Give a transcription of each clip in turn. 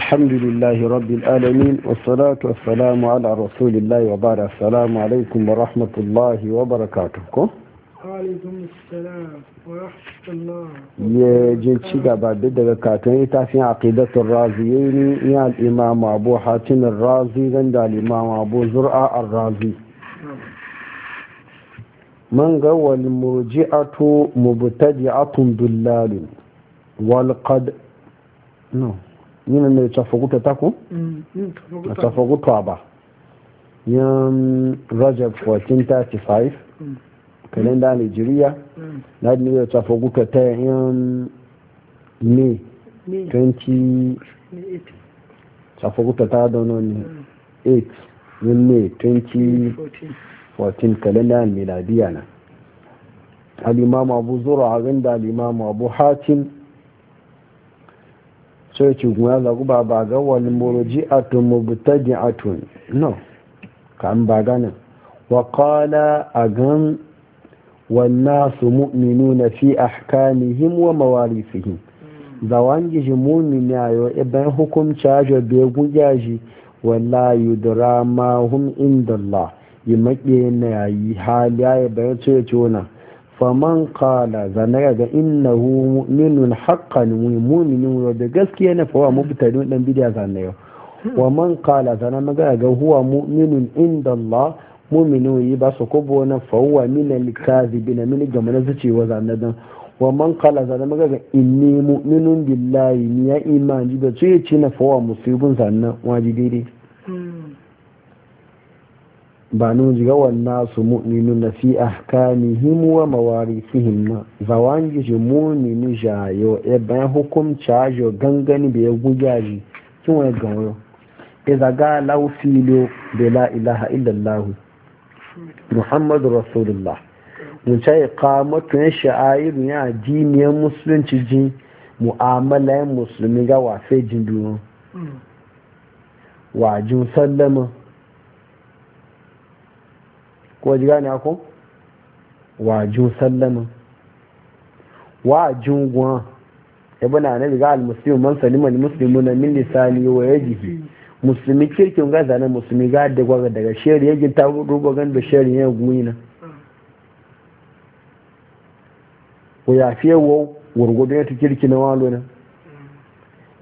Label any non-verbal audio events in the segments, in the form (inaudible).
الحمد لله رب العالمين والصلاة والسلام على رسول الله وبارك السلام عليكم ورحمة الله وبركاته alaikum salam wa rahmatullah ya je ci gaba duk daga katon littafin aqidatul raziyaini ya al-imam abu hatim razi dan da al abu zur'a ar-razi man ga wal murji'atu mubtadi'atun dullalun wal qad no yina ne taku? tako? tafaguta ba yin rajab 1435 mm. kalenda nigeria mm. na ne ya tafaguta ta yin may 20 tafaguta ta dono ne 8 yin may 2014 kalenda miladiya na al'imamu abu zura a ganda al'imamu abu hatim sai ci kuma za ku ba ba ga wani moroji a di a atun no ka an ba ganin wa kala a gan wannan su mu'minu na fi a ahkamihim wa mawari su mawarisihim da wani ji mu'mini a yau ibin e hukumci ajo bai guja ji wala dura ma hum inda Allah yi maƙe na yayi hali a yi bayan ce ce wannan faman kala zane ga innahu mu'minun haqqan mu'minun wa da gaskiya na fawa mubtadin dan bidiya yau wa man kala zane ga ga huwa mu'minun inda Allah mu'minu yi ba su kubo na fawa min bi na min gama na zanaga wa man kala zanaga ga inni mu'minun billahi ni ya iman ji da ce ce na fawa musibun zanaga waji daidai ba nun jiga wannan su mu'minu na fi ahkamihim wa mawarisihim na zawan muni mu'minu jayo e bayan hukumci jo gangani bai ya ji kin wani gawo e zaga lau filo da la ilaha illallah muhammadu rasulullah mun yi kamatu ya sha'iru ya jiniyar musulunci ji mu'amala musulmi ga wafe jindunan mm. wajin sallama ko ji gane ako wajin sallama wajin gwan ibn anabi ga almuslimu man salima al-muslimu na min lisani wa yajihi musulmi kirkin ga zana musulmi ga da gwaga daga shari'a. ya ta rubo gan da shari ya gumi na ko ya fiye wa wurgudu ya kirki na walo na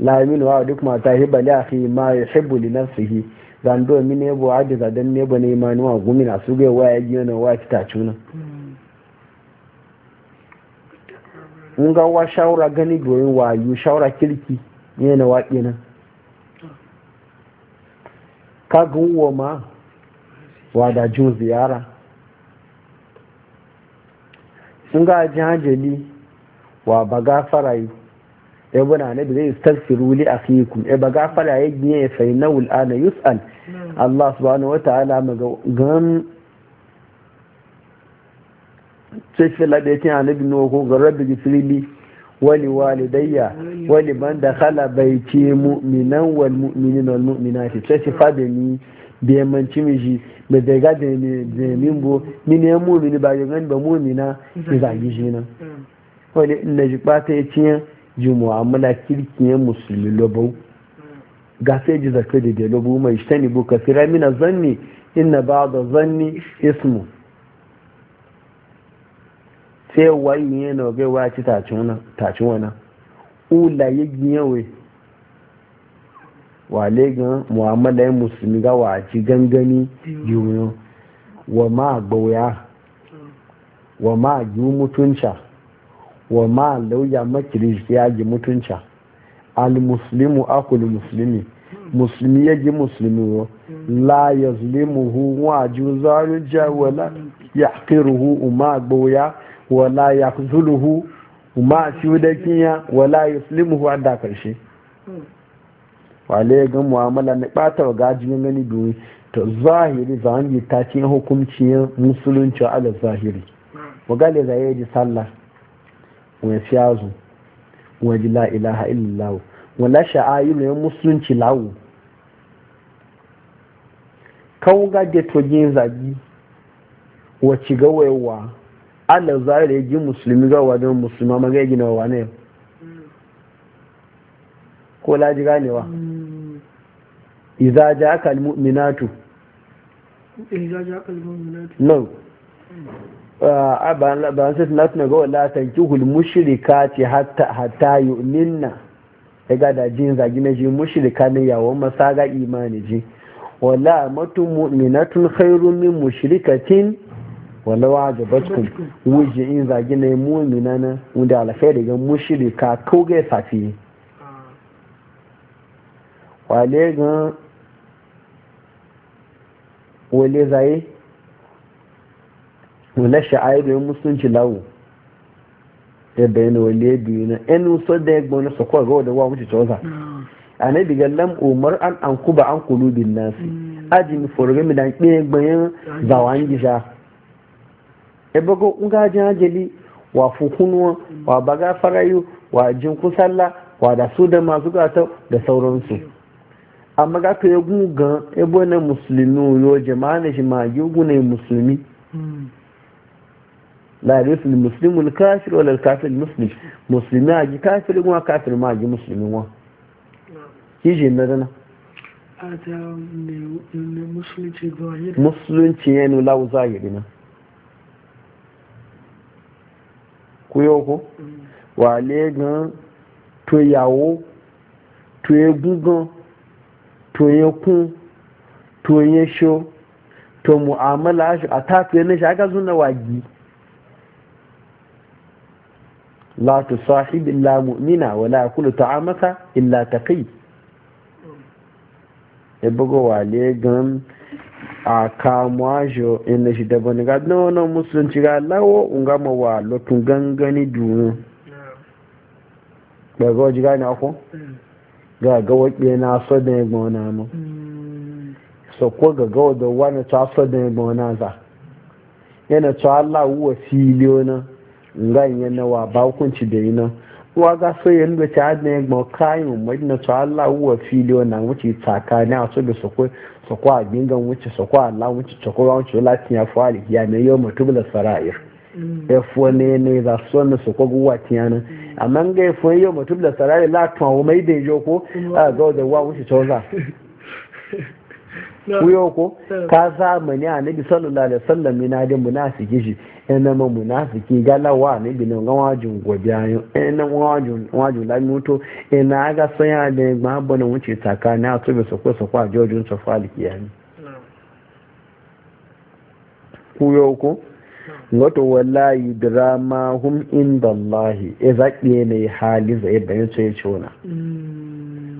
la yaminu wa duk mata hibali akhi ma yuhibbu li nafsihi zando mi ne bo adi zadan ne bo ne imani wa gumi na su ga waya gi na wa kita cuna mun hmm. ga wa shawara gani doyin wa yu shawara kirki ne na wa kenan ka gunwo ma wa da jin ziyara sun ga jihajali wa ba gafara yi ya bana na bi zai stafsiru li akhikum e ba gafara ya biye fa innahu al'ana yus'al Allah subhanahu wata'ala magan sai fi labe tin annabi no ko garabbi gifrili wali walidayya wali man dakhala baiti mu'minan wal mu'minina wal mu'minati sai fi fabe ni biye man cimiji da zai ga da min mimbo ni ne mu'mini ba ga ba mu'mina ni mm-hmm. zagi jina wani na jibata ya ciyan jumu'a mu'amala kirkiye musulmi lobau ga sai ji zaka da lobo mai shani buka kasira mina zanni inna ba'da zanni ismu sai wai ne na ga wa ci tacin wana ula yi giyewe wa lega mu'amala ya musulmi ga wa ci gangani jumu'a wa ma gbauya wa ma yi mutunca wa ma lauya makiri ya ji mutunca almuslimu akul muslimi musulmi ya ji musulmi la ya hu wa ju zalunja wala ya hu umma gboya wala ya zuluhu umma shudakiya wala ya zulimuhu an da karshe hmm. wale ga mu'amala na bata wa gajin gani domin ta zahiri za ta ce hukuncin musulunci ala zahiri hmm. wa gale za yi sallah wọn fi la ilaha illallah wọn la sha'ayiru yan musulunci lawo kan ga geto togin zagi wacce ga wayewa ala zahiri ya ji musulmi ga wadon musulma ga gina wa ne ko laji ganewa idza hmm. Iza almu'minatu idza ja'aka almu'minatu no hmm. Ah, ba su na ga wala tanki hul mushrika ce hatta ninna ya gada jin zagi na ji mushirika ne yawon masa ga imani ji wala matu minatun khairun min mushrikatin wala wa wajabatkum wuje in zagi na mu'mina na wanda alafai daga mushirika ko ga safi wale ga wale zai wala sha'airu musulunci lawo ya bayyana wale biyu na yan wasu da ya gbona su kowa gawa da wa wuce cewa a na diga lam umar an an kuba mm. an kulubin nasi aji mi forobe mi dan kpe gbanyen an gisa e bago nga jin ajali wa fukunuwa wa baga farayu wa jin kusalla wa da su da masu gata da sauransu amma ga ka yi gugan ebo na musulmi yo jama'a na shi ma yi musulmi mm. لا yusul المسلم الكافر ولا الكافر المسلم muslim muslimi aji kafirin wa kafir ma aji muslimin wa ki je na dana musulunci ya nula wuza yiri na ku wa legan to yawo to egungan to yekun to yesho to mu'amala shi a tafiye na shi aka zuna wagi la tusahib illa mu'mina wa la yakulu ta'amaka illa taqi e bugo wale gan a kamuwajo ina shi da bani ga nono musulunci ga lawo unga ma wa lotun gangani dunu ba ga wajiga ne ako ga ga wakiye na so da ya gbona mu so ko ga ga da wani ta so da ya gbona za yana ta Allah wa fili na nga yin na wa ba da yi nan wa ga so yin da ta adne gbo kayin madina to Allah wa fili wannan wuce tsakani a so da a gingan wuce su ko Allah wuce to ko wuce latin ya fali ya ne yau mutubul sarair mm. ya ne ne za so ne su ko guwa tiyanan mm. amma ga yau sarair da jo ko mm. a ga da wa wuce za (laughs) wuyo ko ka zamani a nabi sallallahu alaihi wasallam ina da munafiki shi ina ma munafiki galawa ne bi nan wajin gobe ayo ina wajin wajin la muto ina ga sanya da ma bana wuce tsakani a tsobe su ko faliki ko wallahi drama hum e ne zai e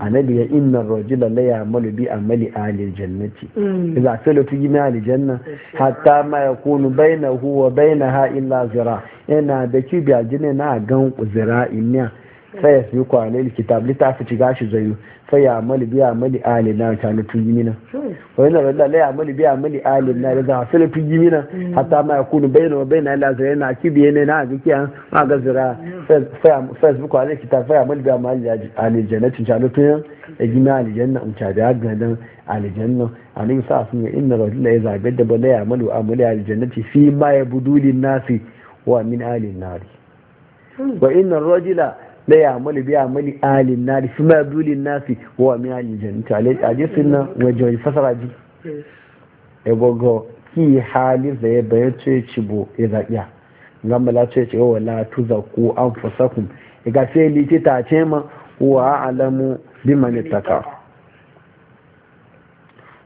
annabi ya inna rajula la ya'malu bi amali ahli jannati idza salatu gina na. janna hatta ma yakunu bainahu wa bainaha illa zira yana da kibiya jini na gan zira'in ne sai ya siyu kwanai likitab littafi ci gashi zayu sai ya amali biya amali ali na ta na tun yimina wani na rada lai amali biya amali ali na da zafi na tun yimina mm. hatta ma ya kunu bayan wa bayan ala zai na kibiye ne na ajiki an ma ga zira sai su kwanai likitab sai amali e biya amali ali jannatin ta na tun yan ya gina alijanna in ta da ganin alijanna a nan sa sun yi inna rajula ya zagar da bala ya amalu amali ci fi ma ya budulin nasi wa min alin nari hmm. wa inna rajula la ya'malu biya amali alin nar fi ma dulin nasi wa alin alil jannati alai ajisin nan wajen fasara ji e gogo ki halin da ya bayan ce ci bo ya zakiya ngamba la ce ce wala an anfusakum e ga sai li ta ce ma wa alamu biman ittaka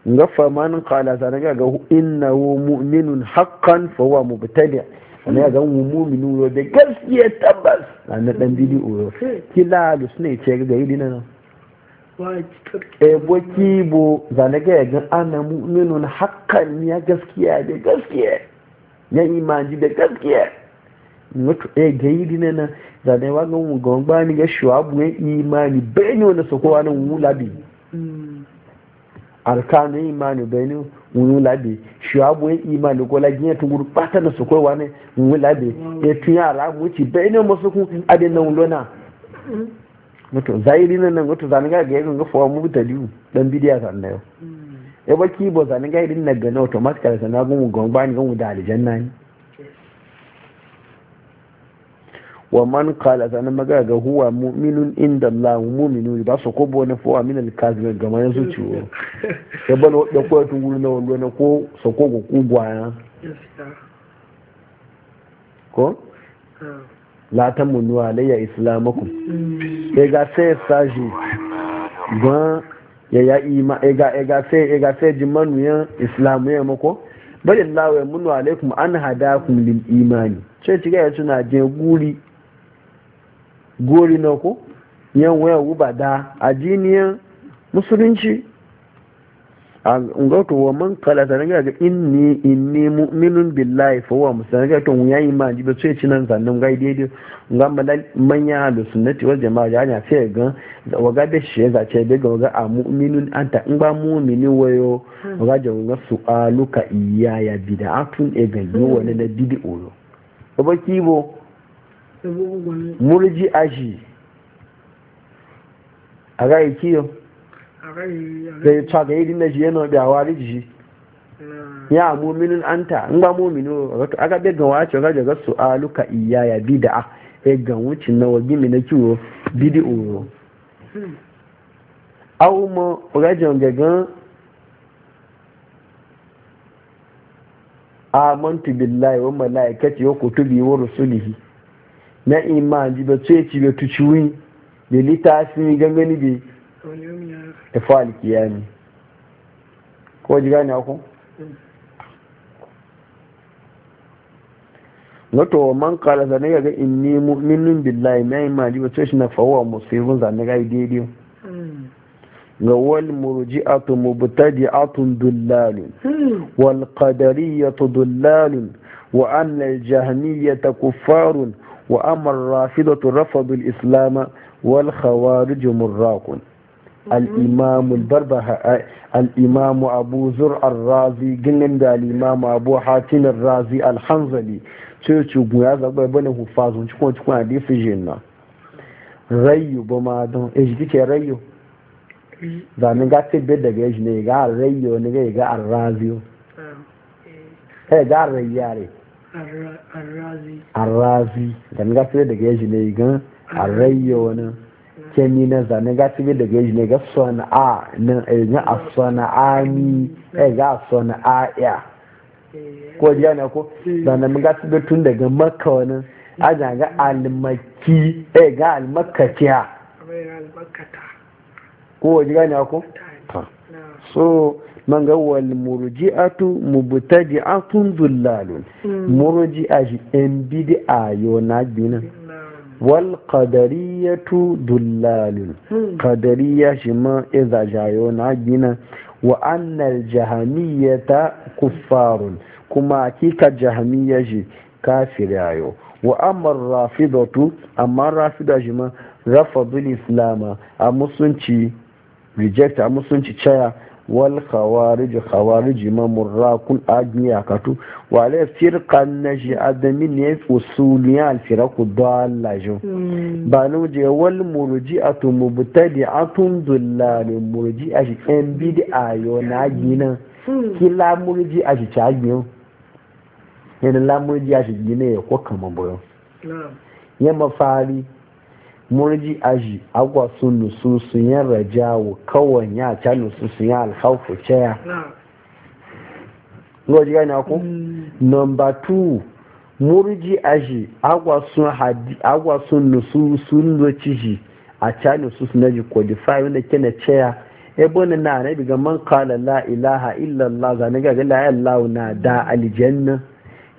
nga faman qala zanaga ga innahu mu'minun haqqan fa huwa mubtadi' wani ya zama wumu mini wuro da gaskiya tabbas a na dan bidi wuro kila da suna ce ga yi dina nan ebo eh, kibo zane ga ya gan ana mu'minun hakan ya gaskiya da gaskiya ya imanji da gaskiya mutu ɗaya eh, gayi dina nan zane wa ga wugan ni ga shuwabu ya imani bai ne wani sakowa nan wula bi mm. arkanu imani bai wani labe shi abu ya imani ko lagin ya tunguru bata da su kowa ne wani labe ya tun yara wuce bai ne masu kun adin nan lona mutu zahiri nan nan mutu zanen gaya ya ganga fawa mu da liyu dan bidiya zan na yau ya hmm. baki bo zanen gaga irin na gana otomatika da sanagun gwangwani gwangwani da aljanna ne wa man qala sana maga ga huwa mu'minun inda Allah mu'minu ba su ko bone fo amin al kazim ga yanzu ci wo (laughs) ya bano da ko tun gulu na wallo na ko so ko go ku gwaya ko ah. la ta la ya islamakum sai mm. ga sai saji ga ya ya ima ega ga sai ga sai jimanu ya islamu ya mako bari Allah ya munu alaikum an hadakum lil imani sai ga ya tuna je guri gori na ko yan waya wuba da addiniyan musulunci a ngautu wa man kala ta ga inni inni mu'minun billahi fa huwa muslim to to yayi ma ji ba sai cinan zannan ga daidai ga manya da sunnati wal jama'a ya nya sai ga wa ga da shi za ce ga wa ga a mu'minun anta in ba mu'mini wayo wa ga jawu ga su'aluka iyaya bid'atun e ga yo wani na bid'o ba bo. murji aji a rayu kiyo zai tsaga yi dinna jiye na biya wari ji eh. ya muminin anta in ba muminu aka bai ga wace ga daga su aluka iya ya bi da ya e ga wucin na wagi mi na kiwo bidi awụma awu mo rajin gagan amantu billahi wa malaikati wa kutubi wa rusulihi na iman ji ba ce ci ba tuciwi da littafin gangani bi da fa'al kiyami ko ji gani ku wato man kala zane ga inni mu'minun billahi na iman ji ba ce shi na a musulun zane ga daidai ga wal murji'atu mubtadi'atun dullalun wal qadariyatu dullalun wa anna al jahmiyata kuffarun wa amar رفض rafadul والخوارج مراق khawarij murraqun الإمام البربهاء الإمام أبو زرع الرازي جنن الإمام أبو حاتم الرازي الحنزلي تشو بويا زغبا بنه فازون تشكون تشكون عندي في جنة ريو بما دون إيش ديك ريو زمان قاعد تبدا جيش نيجا ريو نيجا الرازيو إيه قاعد رياري arrazi da na gafi daga yaji ne ga arrayo wani kemi na zane eh, gafi daga yaji ne ga a, nan eh, ga a eh. a ni ga a sana'a ya ko jiya na ko zane mu gafi tun daga maka wani a ga almaki e ga almakatiya ko jiya na ko so man ga wal murji'atu mubtadi'atun dhullalun murji'a ji en bid'a yo na wal qadariyatu dhullalun qadariya shi ma idza jayo na bina wa annal jahamiyata kuffarun kuma hakika jahamiyya ji kafirayo wa amar rafidatu amma rafida shi ma rafadul islama a musunci reject musunci chaya wal khawarij khawarij mamurrakul ajniya katu wale firqan naji adami ne usuliya al la dallaju hmm. banu je wal murji'atu mubtadi'atun dullal murji'a shi en bidi ayo na gina hmm. kila murji'a shi chagiyo yana la murji'a shi gina ya ko kama boyo ya mafari murji aji agwa sun nususu yan rajawo kawai ya ca nususu yan alhaufu caya ngoji gani ku mm. number 2 murji aji agwa sun hadi agwa sun nususu loci ji a ca nususu na ji qualify wanda kina caya ebon na na ga man qala la ilaha illa allah ga ga la ilaha na da aljanna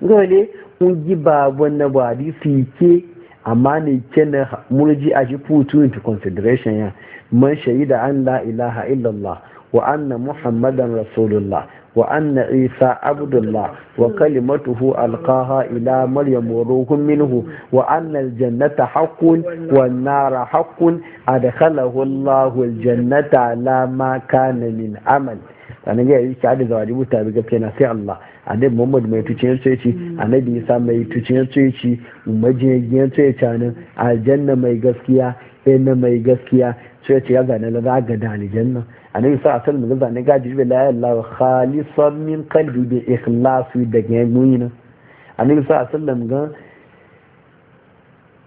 ngole un giba wannan ba di fike amma ne kene murji a shi putu into consideration ya man shaida an la ilaha illallah wa anna muhammadan rasulullah wa anna isa abdullah wa kalimatuhu alqaha ila maryam wa ruhun minhu wa anna aljannata haqqun wan nara haqqun adkhalahu allah aljannata la ma kana min amal sanan ga yi da zawadi ga gaskiya sai allah annabi muhammad mai tuciyar tsoyaci mm. annabi isa mai tuciyar tsoyaci majiyar tsoyaci nan aljanna mai gaskiya na mai gaskiya tsoyaci ya zane la za ga da aljanna annabi sa asal mu zane ga jibe la ilaha khalisan min qalbi bi ikhlasi da gani nan annabi sa asal ga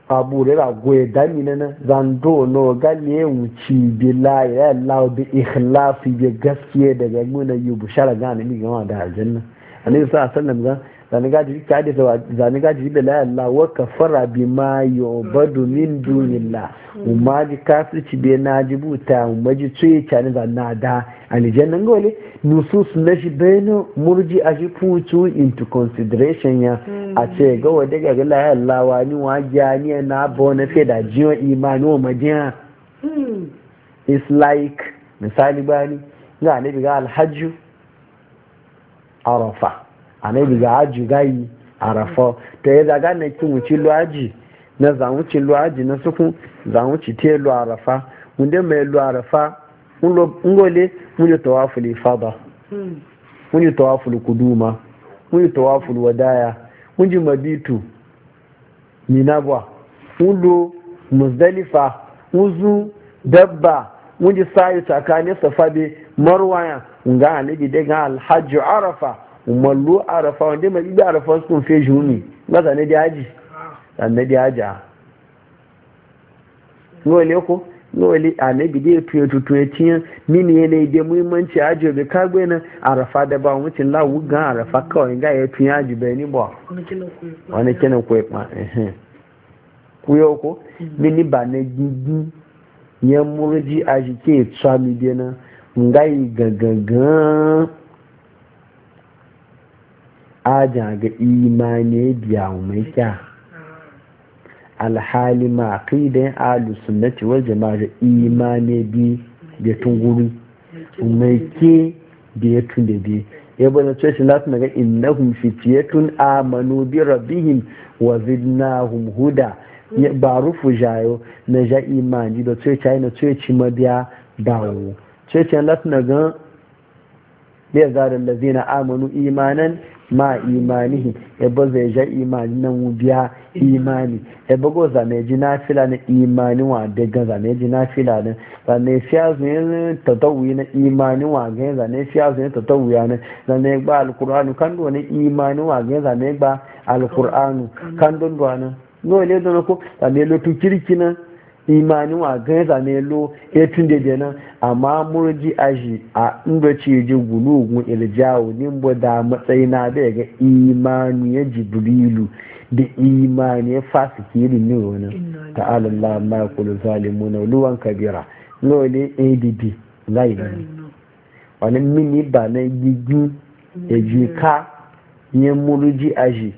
aburera goye damina na zando no gani wuci bi la ilaha bi ikhlasi bi gaskiya da daga nuna yi bushara ga annabi gama da aljanna annabi sa sallam yi zani gaji ka da zani gaji bi la Allah wa kafara bi ma yubadu min dunillah umma ji ci be na jibuta umma ji tsaye tani zanna da aljannan gole nusus na shi bayno murji a shi putu into consideration ya a ce ga wada ga la Allah wa ni wa jani na bona fe da jiyo imani wa madina hmm. it's like misali bani ga ne ga alhajju arafa annabi ga aji gayi arafa ta ya zaga na kin wuce lo aji na zamuci lo aji na suku zamuci te lo arafa wunde mai lo arafa ngole mun yi tawaful ifada mun hmm. yi tawaful kuduma mun yi tawaful wadaya mun ji mabitu minabwa mun lo muzdalifa mun zu dabba mun ji sayi tsakanin safabe marwaya nga anabi de ga alhajju arafa umallu arafa wanda mai ibi arafa sun fe juni nga zane di haji zane di haja ngo ne ko ngo le anabi de tuye tuye tiye mini ne de muhimmanci haji be kagbe na arafa da ba mu tin lawu ga arafa kawai ga ya tuye haji be ni bo wani kenan ko ma eh kuyo ko mini ba ne gidi yan murji aji ke tsami de na ngai gagagan aja ga imani biya mai kya alhali ma aqidan ahlus sunnati wal jama'a imani bi da tunguru mai ke da ya tunde bi ya bada cewa shi lati na ga innahum fitiyatun amanu bi rabbihim wa zidnahum huda ba rufu jayo na ja imani da cewa na cewa mabiya dawo cecen na gan bai zarin da zina amanu imanan ma imanihi yabo zai ja imani nan biya imani yabo go zame ji na fila na imani wa daga zame ji na fila na zane fiya zuyin tattawuyi na imani wa gani zane fiya zuyin tattawuya na zane gba alkur'anu kan do na imani wa gani zane gba alkur'anu kan don do na no ile don ko zane lotu kirki na imanin wa gan ne lo e tun da dena amma murji aji a inda ce ji gun iljawo nimbo da matsayi na da ga imani ya jibrilu da imani ya fasiki ne ne wani ta'ala Allah ma kullu zalimun luwan kabira ne ADD lai ne wani mini ba na gigi ya ji ka ne murji aji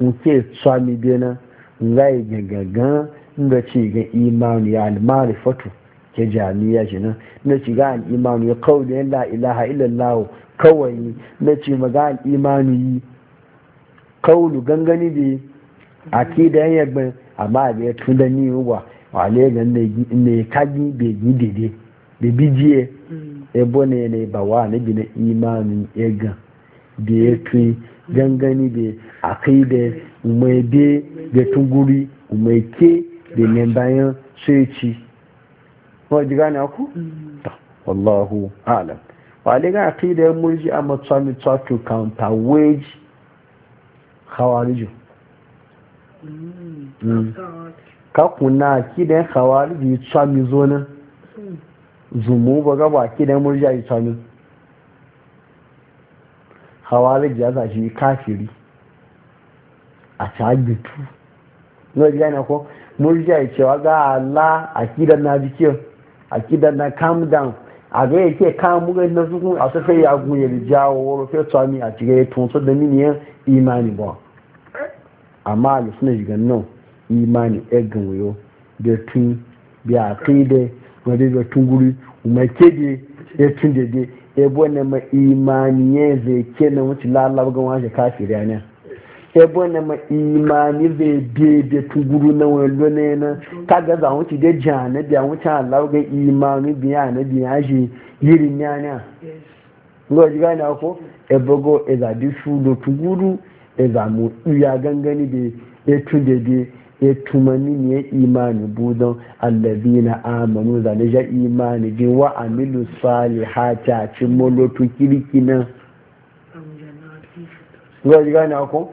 nke tsami bena ngai gagagan inda ci ga imanu ya almari marifatu ke jami'a shi nan na ci ga al ya kawo da la ilaha illallah kawai na ci maga al-imani kaulu gangani bi da yan ban amma bi tun da ni wa wale ga ne kagi be bi dede be bijiye mm. ebo ne ne ba wa ne bi na ya ga da ya tun gangani da akida mai be da tunguri ke domin bayan sai ci kuma ji gane ku? Mm. wallahu alam wale ga kai da yan murji a matsami tsato counter wage khawariju kakuna ki da yan khawariju yi tsami zonin mm. zumu ba gaba ki da yan murji a yi tsami khawariju ya zaji kafiri a cagitu. Nwa ji gane ko? murja cewa ga Allah akidan na jikin akidan na calm down a ga yake kan mugan na su a su sai ya gunye da jawo wuro sai tsami a cikin ya tunso da miniyan imani ba amma a suna shiga nan imani egin wuyo da tun bi a kai da wadda da tun guri umar da ya tun ya ebo na ma imani ya zai ke na wuce lalabar gawa shi kafin ranar ebe na ma imani zai biye da tuguru na wani ne na kaga za wuce da jana da wuce Allah ga imani biya yiri nyanya ngo ji gani ko ebe go eza di su do tuguru eza mu iya gangani da etu da da mani ne imani budon allazina amanu za da imani ji wa amilu salihata cin molotu kirikina ngo ji gani ko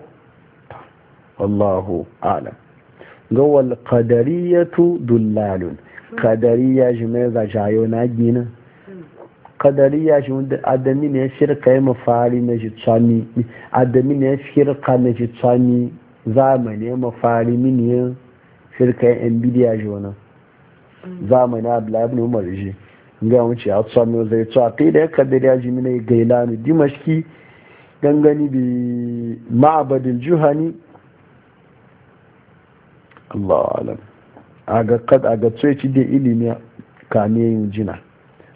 wallahu alam ga wal qadariyatu dullalun qadariya shi mai za jayo na gina qadariya shi wanda adami ne shirka ya mafari na shi tsani adami ne shirka na shi tsani zamani ya mafari mini ya shirka ya nbidiya shi wannan zamani abdullahi ibn umar shi ga wuce a tsami zai tsawa kai da ya kaddariya shi mini gailani dimashki gangani bi ma'abadin juhani Allah alam aga kad aga tsoyaci da ilimi ka ne yin jina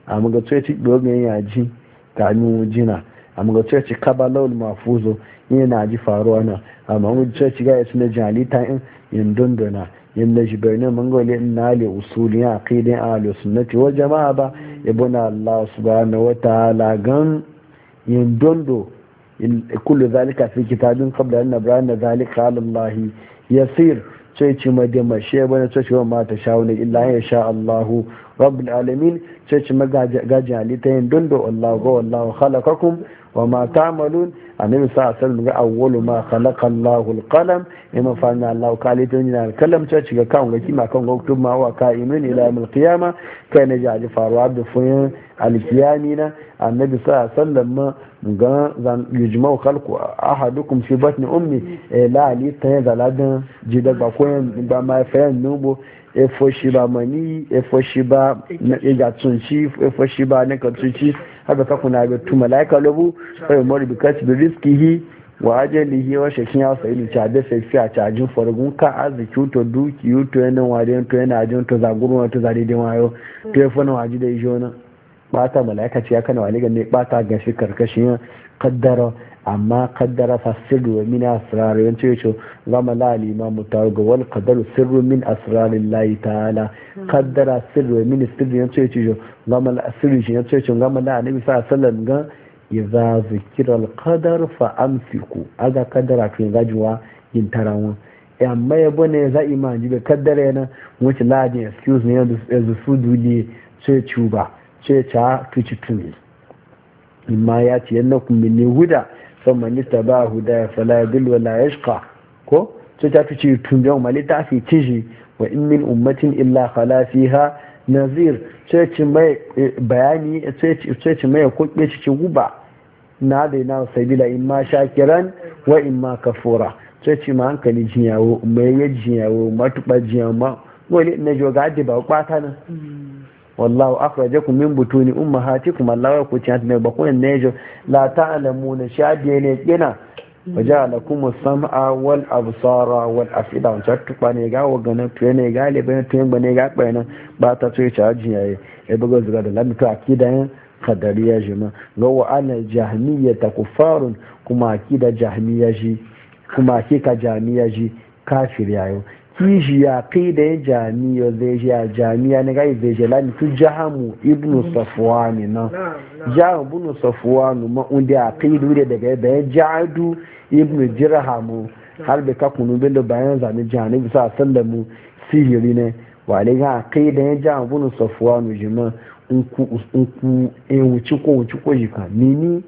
amma ga tsoyaci dogon yaji ka ne yin jina amma ga tsoyaci kabalawul mafuzo yana ji faruwa na amma ga tsoyaci ga yasu na jalita in yin dondona yin na jibirin mangole na le usulin aqidin ahli sunnati wal jama'a ba ibuna Allah subhanahu wa ta'ala gan yin dondo kullu zalika fi kitabin qabla an nabrana zalika ala Allah yasir sai ci madima ya bane sai ci wa mata ne illa ya sha Allahu rabbul alamin sai ci magaji halitta yin dondo Allah ga wallahu wa ma ta'malun annabi sa sallu ga awwalu ma khalaqa Allahu al-qalam imma fa inna Allahu kalitun ila al-qalam ta ci ga kan ga kima kan ga kutub ma wa qa'imin ila yawm al-qiyama kai ne jaji faru abdu fun al-qiyami na annabi sa sallam ga zan yujma'u khalqu ahadukum fi batni ummi e la ali ta zaladan jida ba ko ba ma fayan nubo efo shiba mani efo shiba na ega tunci efo shiba na ka tunci haka kakuna ga tu malaika lobu sai mori bi kati bi rizkihi wa ajalihi wa shekin ya sa'ilu ta da sai a cajin fargun ka arziki to duki to yana wariyan to yana ajin to zagurwa to zari da mayo to ya fana waji da ijo na bata malaika ce ya kana wali ganne bata ga shi karkashin kaddara amma kaddara fa sirru min asrar yan ce yace zama la al imam tawaga wal qadaru sirru min asrarillahi ta'ala kaddara sirru min sirri yan ce yace zama la sirri yan ce yace zama la annabi sallallahu alaihi wasallam iza zikira kadar fa amsiku aga kadara kin gajuwa in tarawa amma ya bane za iman jibe kaddara yana wuce ladin excuse ne yanzu su duli ce cuba ce ta tuci tuni imma ya ce yanna kun ne huda san man ba huda fala yadil wala yashqa ko ce ta tuci tun da ta fi tishi wa in min ummatin illa khala fiha nazir eh, bayani ceci mai kuɗe ciki guba na daina sabila in ma shakiran wa in ma kafura ceci ma hankali jinyawo mai ya jiyawo matuɓa ma. wani na joga da ba kwata nan mm. wallahu akhrajakum min butuni ummahatikum Allah ya ku ci hatin ba ko ne jo la ta'lamuna shadiye ne kina wajala kuma sama wal absara wal afida on chattu bane ga wagana to ne ga le bane to ne ga bane ba ta to ya yayi e bugo zuga da lamu to akida yin qadariya jima ga wa ana jahmiya ta kufarun kuma akida jahmiya ji kuma akika jahmiya ji kafir yayo kishiya kai da ya jami'a zai ya a jami'a na gai zai shi lani tu jahamu ibnu mhm. safuwani nan jahamu ibnu safuwani ma'undi a kai dure daga yadda ya jadu ibnu jirhamu har bai ka kunu bin da bayan zane jihani bisa mu sihiri ne wa ne ga kai da ya jahamu ibnu safuwani jima in ku in wuci ko wuci ko jika nini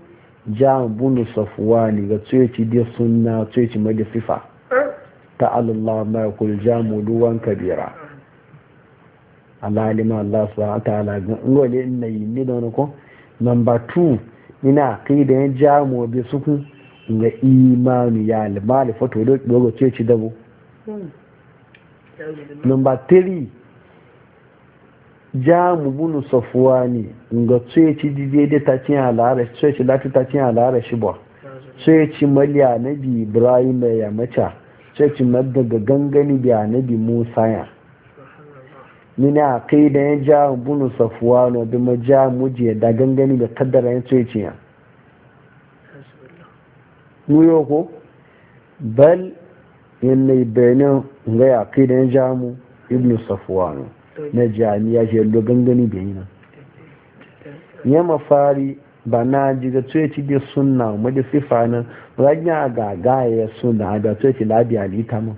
jahamu ibnu safuwani ga tsoyaci dai sunna tsoyaci mai da sifa ta'ala Allah ma jamu duwan kabira Allah alima Allah subhanahu wa ta'ala ga ngole inna yimi ko number 2 ina aqidan jamu bi suku ga Imanu ya almal fato do dogo ce ci dabo number 3 jamu bunu safwani ga ce ci dide da ta alare ce ci latu ta alare shi ba maliya ibrahim ya ceci daga gangani biya na bi musa ya mini a kai da ya ja bunu safuwa na bi ma ja mujiya da gangani da kaddara ya ceci ya nuyo ko bal na bayanin ga ya kai da ya ja mu ibnu safuwa na jami'a shi yallo gangani biya na. ya mafari ba na ji da tsoye ci bi sunna mu da sifa nan ranya ga gaya suna da tsoye ci labi alita mu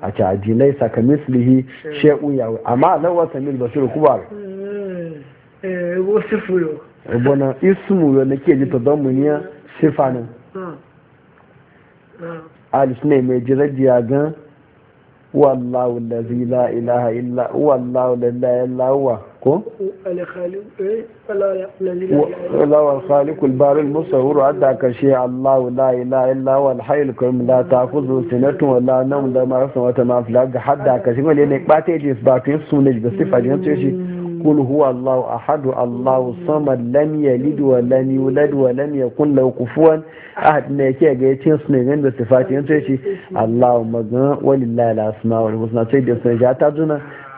a ci ajinai sakamis lihi shehu yawo amma na wata mil basiru kubar eh, eh, e bana ismu yo na ke ji ta don muniya alis ne mai jirajiya gan wallahu la ilaha illa wallahu la ilaha illa ko? Lawal Khalikul Baril Musawuru hadda karshe Allah la ilaha illa wal hayyul qayyum la ta'khudhu sinatun wa la nawm la ma rasama wata ma fil hadda shi wanda ne bata ji ba tun sunan da sifa jin ce shi kul huwa Allahu ahadu Allahu samad lam yalid wa lam yulad wa lam yakul lahu kufuwan ahad ne yake ga yace sunan da sifa jin ce shi Allahu magan walillahi al-asma'ul husna sai da sai ta juna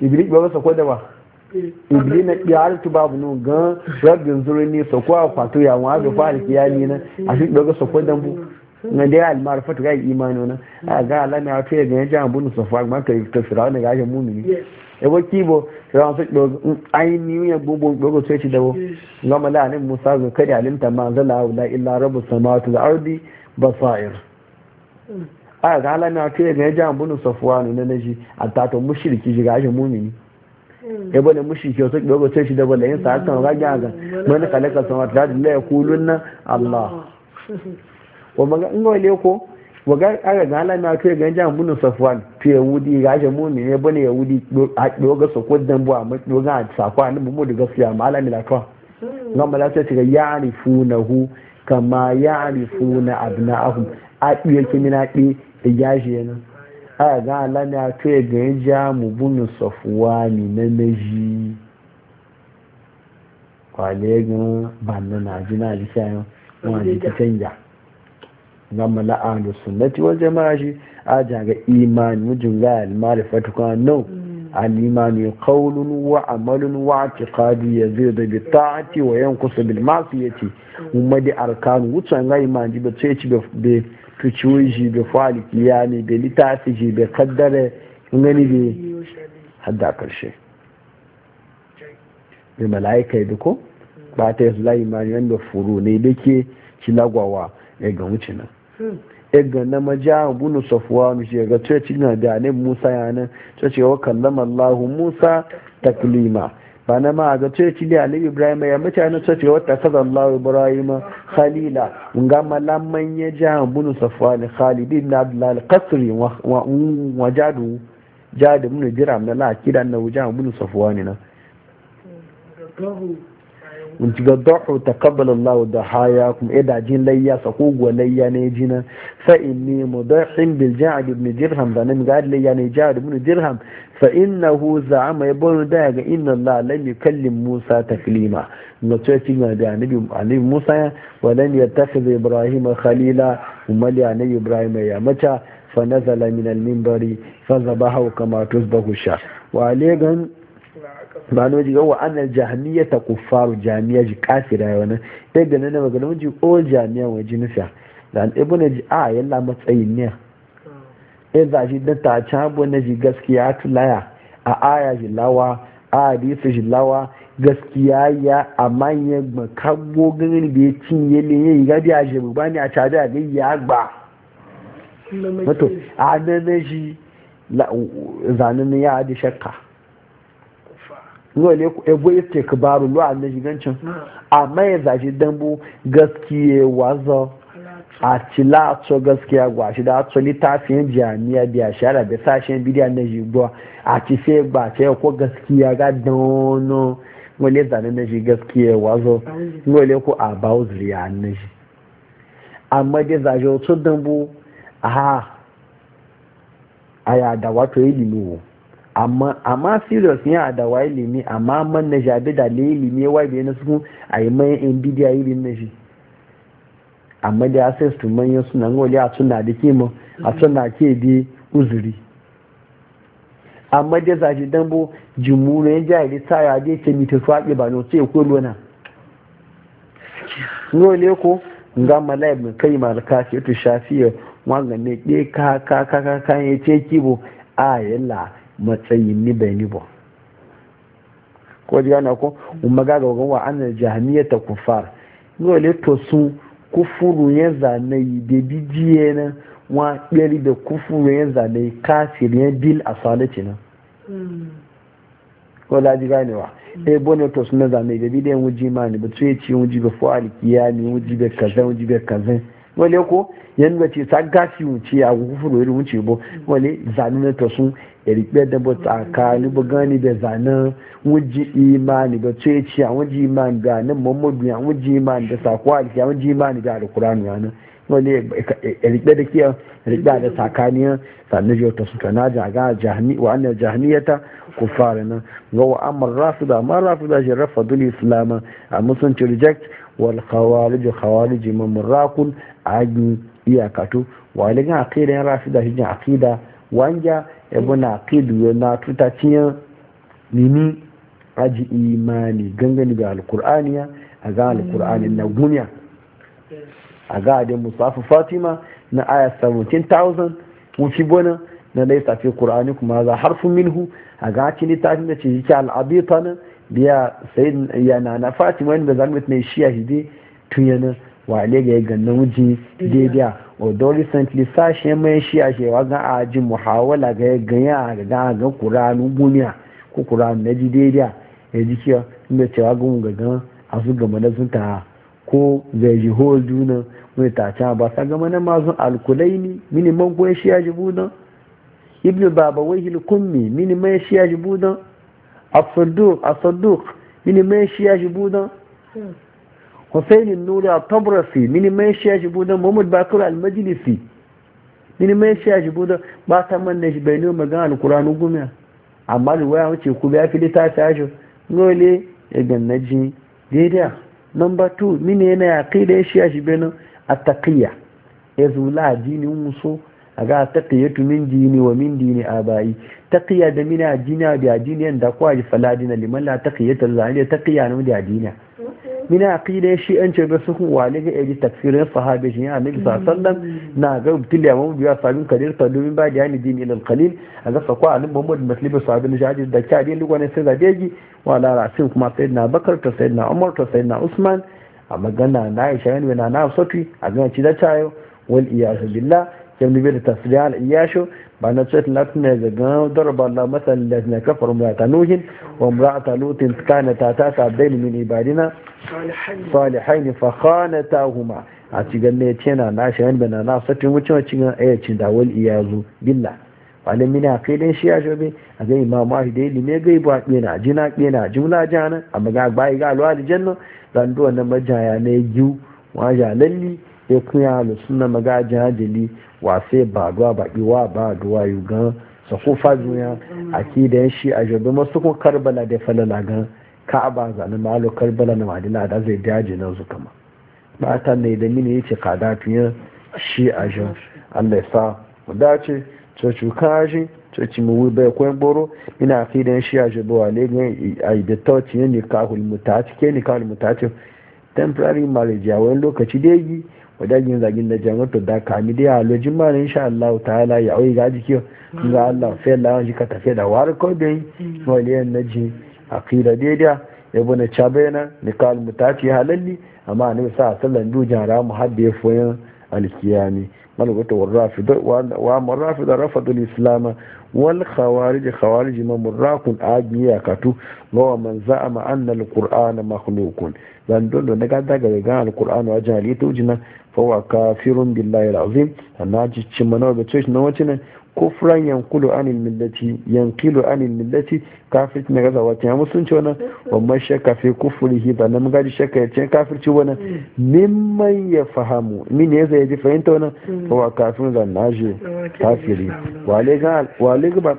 iblis ba sako da ba ibili na har tu babu nun gan rabin zuri ne sako a kwato ya wa abu fara ni na a shi ba sako da bu na dai almar fatu ga imani na a ga alama ya tuya ganin jan bunu safa ma ka ta firawa na gashin mumini e wa kibo ran su do mm, ai ni ya bubu dogo sai ci dawo ngama la ne musa ga kari alimta ma zala wula illa rabu samawati da ardi basair mm. a ga halamiya to ya gane jihar bunu safuwanu na naji a taton mushiriki shiga ashin mumini ya hmm. bane mushiriki wasu ɗaya gwacin shi da bala yin sa hakan ga gyaga wani kalakar sama ta da laye kulun na allah (laughs) wa maga in wale ko waga aga ga halamiya to ya gane jihar bunu safuwanu to yahudi ga ashin mumini ya bane yahudi a ɗaya ga sako dan buwa mai ɗaya ga sakwa a nufin mudu gaskiya ma alamila kawai hmm. gama za su shiga ya'arifunahu kama ya'arifuna abna'ahum a ɗiyar kimina ɗi ijashi yana aya ga alami a to ya ga ja mu bunu safuwa ni na meji kwale ga banna na ji na ji sayan wani ji ta canja ga mala'a da sunnati wal jama'a shi a ja ga imani mujin ga al-ma'rifatu kana no mm. al-imani qawlun wa amalun wa i'tiqadu yazidu bi ta'ati wa yanqusu bil ma'siyati mm. umma di arkan wutan ga imani ba sai ci be tuciwun shi bai fali ne bai litafi shi bai kaddare gani bai hadda karshe bai mala'ika da ko ba ta yi zula imani wanda furu ne da ke shi lagwawa ya ga wuce nan ga na maja bunu safuwa mu shi ga cewa cikin da ne musa yana cewa kallama allahu musa taklima bana ma ga ce ci da Ali Ibrahim ya mutane ce cewa ta kaza Allah Ibrahim khalila ga malamman ya ja bunu safwan Khalid ibn Abdullah al wa wa jadu jadu mun jira na la kidan na wuja bunu safwan na hmm, mun ci gaddahu taqabbal eh, da haya kuma ida jin layya sako go layya ne jina fa inni mudahin bil ja'd ibn dirham da nan gadi layya ne ja'd ibn dirham fa innahu za'ama yabunu da ga inna Allah lam yukallim Musa taklima na ce ci da a annabi Musa wa lam Ibrahim khalila umma li nabi Ibrahim ya mata fa nazala min al minbari fa zabahu kama tusbahu sha wa alegan ba no jiga wa annal ta kuffaru jamiya ji kafira ya wannan daga nan na magana mun ko jamiya wa jinsa dan na ji a yalla matsayin ne in za shi da ta cabo na ji gaskiya tulaya a aya ji lawa a hadisu ji lawa gaskiya ya a manyan makago ganin da ya cinye ne ya yi gabi a shi ba ne a cabi a gai ya gba wato a nan zanen ya adi shakka zuwa ne ku ebo ya ce kibaru lo hmm. a na shigancin amma ya zashi dambu gaskiye wazo a ci latso gaskiya gwashi da atso littafin jami'a biya shara da sashen bidiya na jigbo a ci sai gbace ko gaskiya ga dono wale zane na shi gaskiya wazo wale ko a bawo zuriya na shi amma dai zaje otu dambu a a yada wato yi e lilo amma amma serious a da wa ilimi amma man na jabi da le ilimi wa bi na su a yi mai nvidia irin na shi amma da access to manyan suna ngoli a tuna da kima a tuna ke bi uzuri amma da zaji dan bo jimuru ya jari tsaya dai ke mi tafi ba no sai ko lona ngole ko nga malai mai kai ka ce to shafiya wanga ne ke ka ka ka ka ya ce kibo a yalla matsayin ni bai ni ba ko ji gane ko umma ga ga wa an jahmiyata kufar no le to su kufuru ya zanayi da bijiye na wa ɗari da kufuru ya zanayi kafir ya bil asalaci na ko laji ganewa mm. e eh, bone to suna zanayi da bidiyan wuji ma ne ba tuye ci wuji ba fo fu'ali kiyami wuji ba kaza wuji ba kaza wale ko yanda ce e ta gashi wuce e ya da wuri wuce bo wani zane na tasu e ya da ba tsakani ba gani da zanen wuji imani da ce a wuji imani ga nan mamadu ya wuji imani da sako alki ya wuji imani da alkurani ya nan wani ya da kiyar riƙe da tsakaniyar sannan yau ta suka na jaga wa annar jahaniyata ku fara nan ga wa amar rasu da amar rasu da shi rafa dul islama a musun reject wal khawarij khawarij mamurakun agi iyakatu walin aqida rafi da shi aqida wanja na aqidu ya na tuta cinya nini aji imani gangani ga alqur'aniya a aga alqur'anin na guniya aga da musafa fatima na aya 17000 wuci bona na dai tafi qur'ani kuma za harfun minhu aga ga ci littafin da ce yake al'abita na biya sayyidina yana na fatima wanda zamu ne shi ya tun wale ga ga namiji daidai although recently sashe mai shi a shewa ga ji muhawala ga ga a ga ga kuranu buniya ko kuranu na ji daidai ya ji kiya inda cewa ga ga a su gama na sun ta ko ga ji hol juna wani ta can ba sa gama na mazun alkulaini mini ko ya shi ya ji budan ibn baba wahil kummi mini mai shi ya ji budan asaduk asaduk mini mai shi ya ji budan Hussein Nuri Tabrasi mini mai shi ya shi budan Muhammad Bakir Al-Majlisi mini mai shi ya shi budan ba ta manne shi bai ne magana Al-Qur'an gumiya amma waya wuce ku ya fi ta ta shi ngole ya gannaji daidai number 2 mini yana ya shi ya shi bai "a at-taqiyya yazula dini muso aga taqiyatu min dini wa min dini abai taqiya da mini a dini da dini da kwaji faladina liman la taqiyatu zaliya taqiya ne da dini mina aqida shi an ce ga su wa ne ga yaji tafsirin sahabi shi a sallallahu na ga butiliya mu biya sabin kadir ta domin ba da yani dini ilal qalil a ga sakwa annabi muhammad muslim sahabi shi da ka dai lugwane sai da deji wa la sai kuma sayyidina bakar ta sayyidina umar ta sayyidina usman a magana na aisha yana na na sofi a ga ci da tayo wal iyazu billah kan bi da tafsirin al iyashu ba na cikin latin ne ga gan darba la masal da na kafar murata nuhin wa murata lutin kana ta ta ta bai min ibadina salihain fa khanatahuma a cikin ne ce na na shayan da na na satin wucin cikin ayyacin da wal iyazu billah walin mini aqidin shi ya shobe a ga imamu ahidai lime ga ibu aƙe na jina aƙe na jumla jana amma ga bayi ga alwali jannu zan duwa na majaya na yiwu wajen lalli ya kuya da suna magaji hajjali wasai ba duwa ba iwa ba duwa yu gan sako ko fajuya a ki da shi a jirgin masu kuma karbala da falala gan ka'aba zane malo karbala na madina da zai daji na su kama ba ta ne da mini yace kada fiye shi a jan Allah ya sa mu dace coci kashi coci mu wube kwan boro ina fi da shi a jirgin wa legan a yi da tauci ne kahul mutaci ke ne kahul mutaci temporary marriage a wani lokaci dai wadagin zagin da jamar to da kami da lojin ma ne insha Allah ta'ala ya oyi ga jiki ga Allah sai Allah ya ka tafi da war ko dai waliyan naji aqida daidai ya bana chabena ne kal mutaci halalli amma ne sa sallan du jara mu hadde foyan alkiyami malwata warrafida wa marrafida rafadu alislam wal khawarij khawarij ma murrakun ajiya katu wa man za'ama anna al makhluqun dan don da ga daga ga al wa jali to jina fawa kafirun billahi azim na ji cimma na wabe na wacin kufran yankulu anil millati yankilu anil millati kafir na gaza wata ya musunci wannan wannan shakka fi kufurihi da nan gaji shakka ya ce kafirci wannan mimman ya fahamu min ya zai ji fahimta wannan wa kafin da naje kafiri wale ga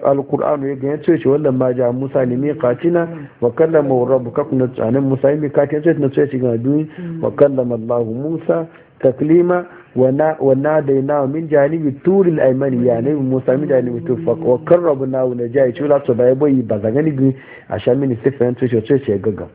alkur'anu ya ganye ce ce wannan ma ja musa ne mai katina wa kallama rabbuka kuna tsanin musa ne katina ce na ce ga duniya wa kallama allah musa taklima wa nadaina min janibi turil aimani ya nabi musa min janibi tufa wa karrabna wa najai chula to bai bai bazangani bi a sha mini sifan to ce ce gaga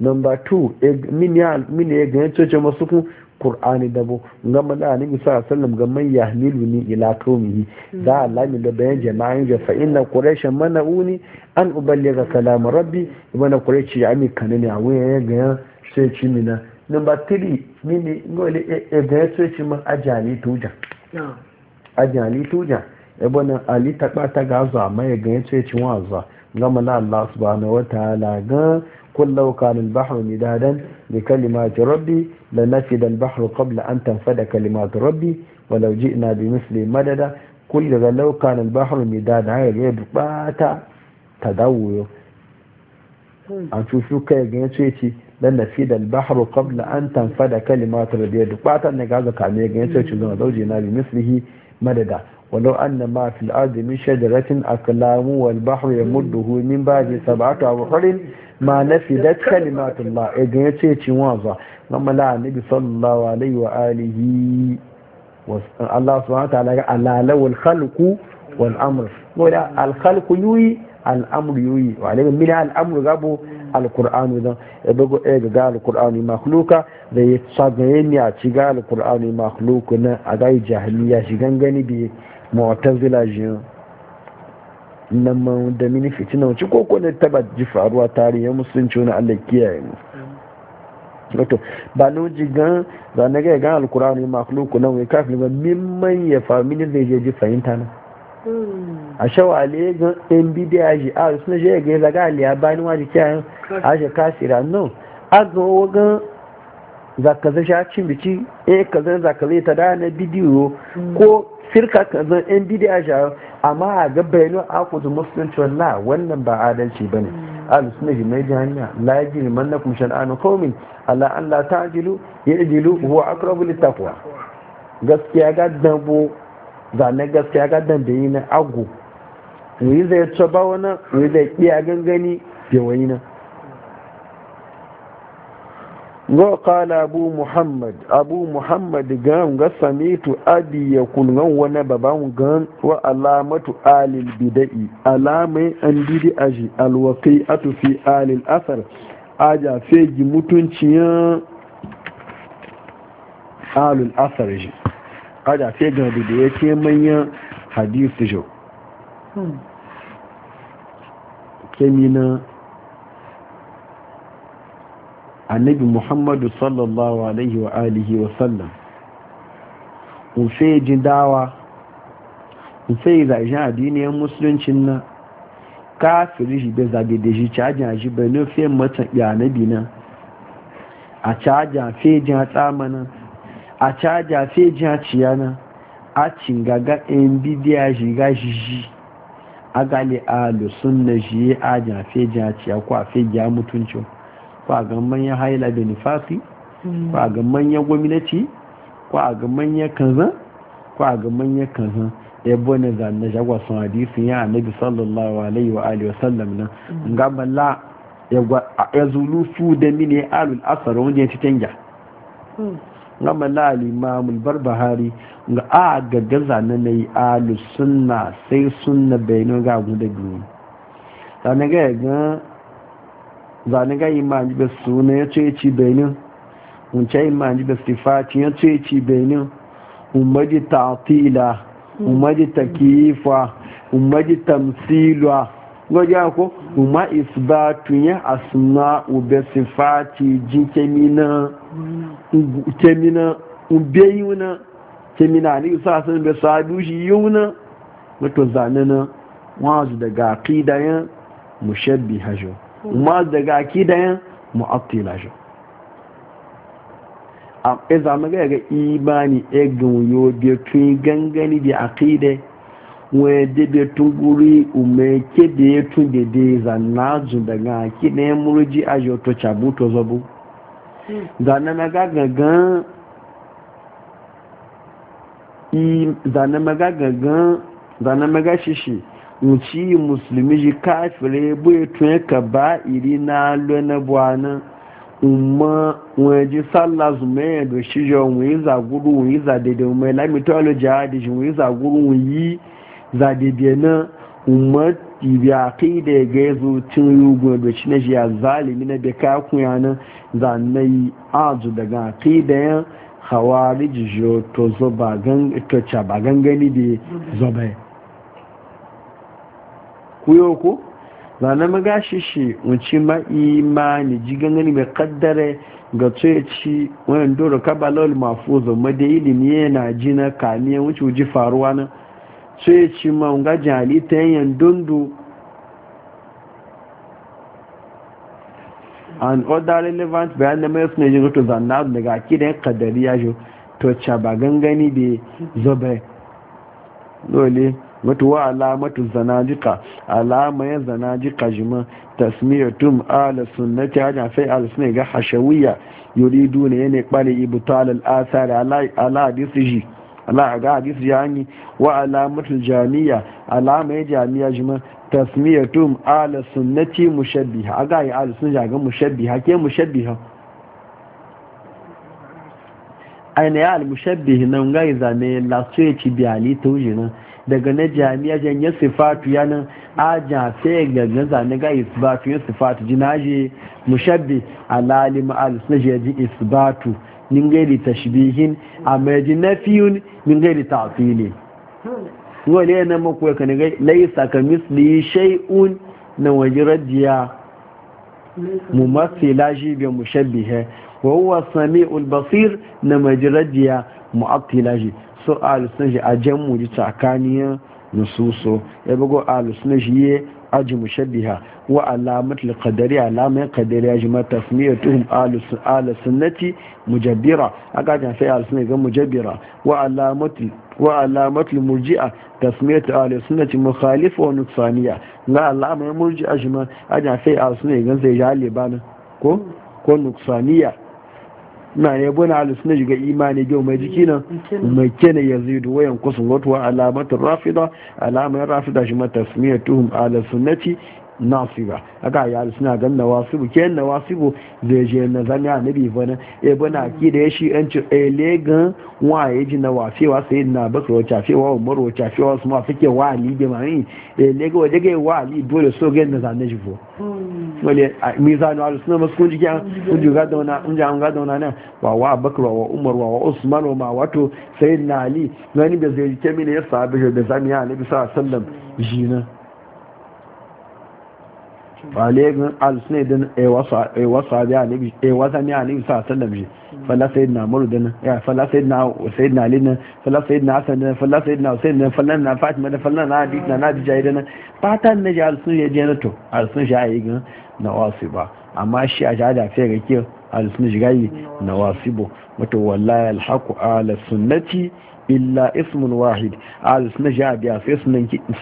number 2 e, min ya min ya ga to ce masu ku qur'ani dabo ngam da nabi sallallahu alaihi wasallam gamman yahmiluni ila qaumihi za Allah min da bayan jama'in ga fa inna mana mana'uni an uballigha kalam rabbi ibn quraishi ya mi kanani a waya ga sai ci mina number three mini ngole e so e, e ci e ma ajali tuja ajali tuja ebe na ali takbata ga zo amma ya ga yace ci wa zo gama na Allah subhanahu wa ta'ala ga kullu kana al-bahru nidadan li kalimati rabbi la nafida al-bahru qabla an tanfada kalimatu rabbi wala ji'na bi misli madada kullu law kana al-bahru nidadan ya ga ta tadawuyo hmm. an cusu kai ganye yace ci dan na fi dal bahru qabla an tanfada kalimatu rabbi duk batan ne gaza kame ga yace ci zama zauji na bi mislihi madada walau anna ma fil ardi min shajaratin aklamu wal bahru yamudduhu min ba'di sab'ati abhurin ma nafidat kalimatu allah e ga yace ci waza amma la nabi sallallahu alaihi wa alihi Allah subhanahu wa ta'ala ga alala wal khalqu wal amr wala al khalqu yuyi al amru yuyi wa alaihi min al amru gabo alkur'ani don ya go ɗaya ga ga alkur'ani makhluka da ya tsagaye ni a ci ga alkur'ani makhluku na a ga jahiliya shi gangani bi mu'tazila jin nan ma da mini fitina wuce ko ko ne taba ji faruwa tarihin musulunci wani Allah kiyaye mu wato ba na wuce gan za na ga gan alkur'ani makhluku na wai kafin ba mimman ya fa mini zai je ji fahimta na hmm. a shawale ga da ya ji a suna je ga ya a aliya bayan waje kyan a shi kasira no a ga wagan zakaza shi cin bici e kazan zakaza ta da na bidiyo ko firka kaza ɗan bidiya ji amma a ga bayanin akutu musulunci wallah wannan ba adalci ba ne ahlus suna ji mai laji la yajri kuma shan'anu qaumin allah an la ta'jilu ya'jilu huwa aqrabu littaqwa gaskiya ga dambo zane gaskiya ga dambe na agu wani zai ba wani wani zai ɗiya gangani da wani nan ga kala abu muhammad abu muhammad gan ga samitu abi ya kungan wani baban gan wa alamatu alil bida'i alamai an didi aji alwakai atu fi alil asar aja fegi mutunciyan alil asar ji aja fegi da ya ke manyan hadisu jau Hmm. kemina annabi muhammadu sallallahu alaihi wa alihi wa sallam ufe dawa dawa ufe zajen adiniyar musuluncin na kafin shi bai zage da shi caji a shi bai nufe matan yanabi na a caji a feji a tsamanin a caji a feji a ciyana a cingaga in bidiya shiga shi shi agali lusun na jiye a jafe jaciya ko a fi ya mutuncin ko a ga manyan haila da nifasi ko a ga manyan gwamnati ko a ga manyan kanzu ko a ga manyan kanzu ya e bane zane na jagwa sun hadisun ya annabi sallallahu alaihi wa alihi wasallam nan ga balla ya zulu su da mini alul asarar wanda ya ci canja mm. gama na al'imamul barbahari nga a gaggaza na na yi alu sunna sai sunna bayanin ga abu da biyu zaniga ga zaniga imanji da suna ya ce ci bayanin wunce imanji da stifati ya ce ci bayanin umarji ta'atila umarji takifa umarji tamsilwa gwaja ko umar isbatun ya asna ube sifati jinkemi na kemina ubeyi wuna kemina ne sa sun da sadu shi yuna na zanana wazu daga aqidayan mushabbiha jo wazu daga mu mu'attila jo a eza maga ga imani egun yo bi tun gangani bi aqida we de be tunguri ume kede de tun de de zanazu daga aqidayan murji ajo to chabuto zabu zanana maga gangan zanama maga gangan zanama shishi wuci musulmi ji kafire bai tun ka ba iri na lona buwanan umma wọn ji sallah zuma ya da shi jo wọn yi zaguru wọn yi zadede wọn yi lamito alo jihadi wọn yi zaguru wọn yi zadede na umma biya da ya ga yazo cin rugun da shi na shi ya zalimi na da kaya kuya nan zanai azu daga kai da hawari to zo ba gangani da zuba ya kuyo ko zane magashi shi wunci ma imani ji gangani mai kaddare ga ci wani doro kabalol mafuzo ma da ilimi yana ji na kaniya wuce wuce faruwa na sai ci maunga jali ta yanyan dundu An other relevant bayan da mai suna jin rutu zanna daga akidan kadari ya jo to ca ba gangani da zobe dole mutu wa alamatu zanajika alamaye zanajika jima tasmiyatum ala sunnati hajan fai ala sunai ga hashawiyya yuridu ne ne kpale ibtal al asari ala hadisi a ga hadisi jami wa alamatul jami'a alamai jami'a jima tum ala sunnati mushabbiha ga yi ala sunna ga mushabbiha ke mushabbiha aina ya al-mushabbih nan ga zame ya ci ta wuje nan daga na jami'a jan ya sifatu yana aja sai gaga zane ga sifatu ya sifatu jinaje mushabbi alalima al ya ji isbatu min gairi tashbihin amma ji nafiyun min gairi ta'fili wani yana maku ya kani laisa ka misli shay'un na waje rajiya mu masila shi bi mushabbihe wa huwa sami'ul basir na maji rajiya mu shi so alusun shi a jan mu ji tsakaniyar nususo ya e bugo alusun shi aji mushabbiha wa alamatul qadari alamai qadari ji ma tasmiyatuhum ahlus ala sunnati mujabbira aka kan sai ahlus sunna ga mujabbira wa alamatul wa alamatul murji'a tasmiyatu ahlus sunnati mukhalifa wa nuqsaniya ga alamai murji'a ji ma aka sai ahlus sunna ga sai jalibana ko ko nuqsaniya na yabo na ahlus ga imani ga mai jiki nan mai kene yazidu wayan kusun wato alamatar rafida alamatul rafida shi matasmiyar tuhun ala sunnati nasira aka ya suna gan nawasibu ke nawasibu zai je na zami na bana e bana ki da ya shi an ci wa ya ji nawasiwa sai na basu wa cafewa umaru wa cafewa su ma suke wa ali da mami elega waje ga wa ali dole so ga na zanne shi fo wale zanu al suna masu kun jiya kun ji da wana kun an ga wana nan wa wa abakar wa umar wa wa usman wa ma wato sayyidina ali wani da zai ji kemi ne ya sahabi da zami annabi sallallahu alaihi wasallam jina walegun alusne din ewasa bi anibi ewasa ni anibi sa sallam shi falla sayyidina amru na ya falla sayyidina sayyidina ali din falla sayyidina hasan din falla sayyidina husain din falla na fatima din falla na hadith na nabi jayi din fatan ne alusun ya je na to alusun shi yi gan na wasiba amma shi a jada fe ga ke alusun shi yi na wasibo wato wallahi alhaqu ala sunnati illa ismun wahid al suna ja biya sai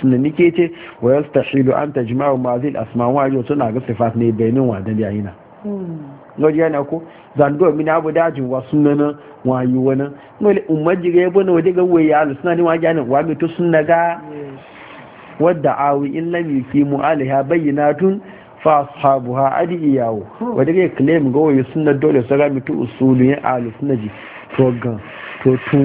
sunan nike ce wa yastahilu an tajma'u ma zai asma wa yau suna ga sifat ne bayanin wa da bayina lori yana ko zando mini abu dajin wa sunan wayi wani wani umar ga yabo na waje ga waya al suna ne wa janin wa mutu suna sunna ga wadda awi in lam yuqimu alaiha bayyinatun fa ashabuha adiyawo wadda ga claim ga waya suna dole sai ga mutu usulun ya al sunna ji to gan to tu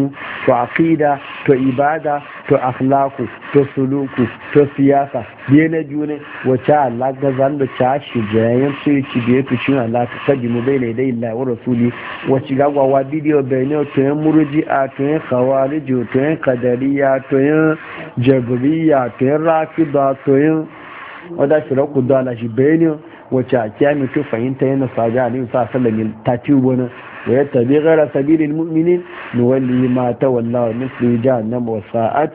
to aqida to ibada to akhlaku to suluku to siyasa biye na june wace Allah ga zan da ta shi jayen su yi biye to shi Allah ta sabi mu bai ne da illa wa rasuli wace ga gwawa bidiyo bai ne to yan a to yan khawarij to yan qadariya to yan jabriya to yan rafida to yan wada shiraku dala shi bai ne wace a kiyami to fahimta yana ga ne sa sallamin ta ci wani ويتبي غير سبيل المؤمنين نولي ما تولى مثل جهنم وساءت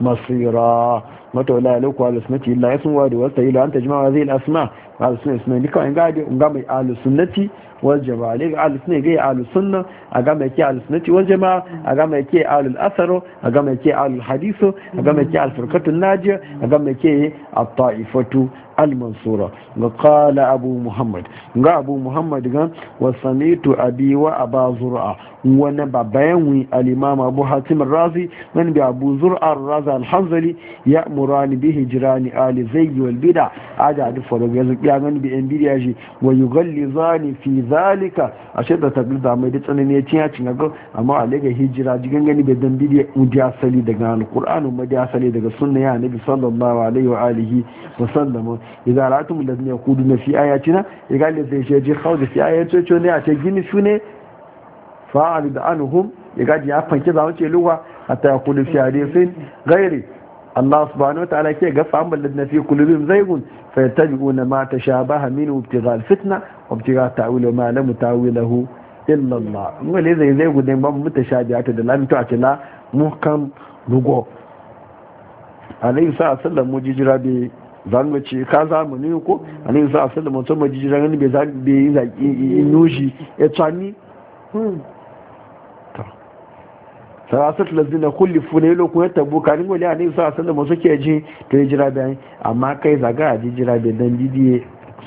مصيرا mata wala alaiku ahlus illa illa yasmu da wasta ila an tajma wa al asma ahlus sunnati sunnati duka in ga ga mai ahlus wal jamaa ne ahlus sunnati ga ahlus a ga mai ke ahlus wal jamaa a ga mai ke alul asaro a ga mai ke ahlul hadiso a ga mai ke al najiya a ga mai ke al ta'ifatu al mansura ga qala abu muhammad ga abu muhammad ga wa samitu abi wa aba zur'a wani babayan wi al imam abu hatim razi man bi abu zur'a razi al hanzali ya ya'murani bi hijrani ali zayyi wal bid'a aja da faraga yanzu kiyaman bi en bidiya shi wa yughallizani fi zalika ashe da tabbata mai da tsanani ya cinya cin ga amma ga hijira jigan gani da dan bidiya udi asali daga alqur'ani ma da asali daga sunna ya nabi sallallahu alaihi wa alihi wa sallam idan ra'atum alladhina yaquduna fi ayatina yagal da shi ji khawda fi ayatina ne a ce gini ne, fa'al da anhum ya ya fanke zamu ce luwa hatta ya fi hadisin gairi Allah subhanahu wataala ke ga fa amman ladna fi qulubihim zaygun fayattabi'una ma tashabaha minhu ibtigha fitna wa ibtigha ta'wil ma lam ta'wilahu illa Allah ngole zai zai gudun ba mu mutashabihatu da lamto a tila muhkam lugo alayhi sallam mujijira bi zan ce ka zamu zamani ko alayhi sallam mutum mujijira ne bai zaki bai zaki nushi ya e tsani hmm. sarasat lazina kulli fune lokun ya tabu kanin wali a nisa a sanda masu ke ji ta yi jira bayan amma kai zaga a ji jira bayan dan bidiye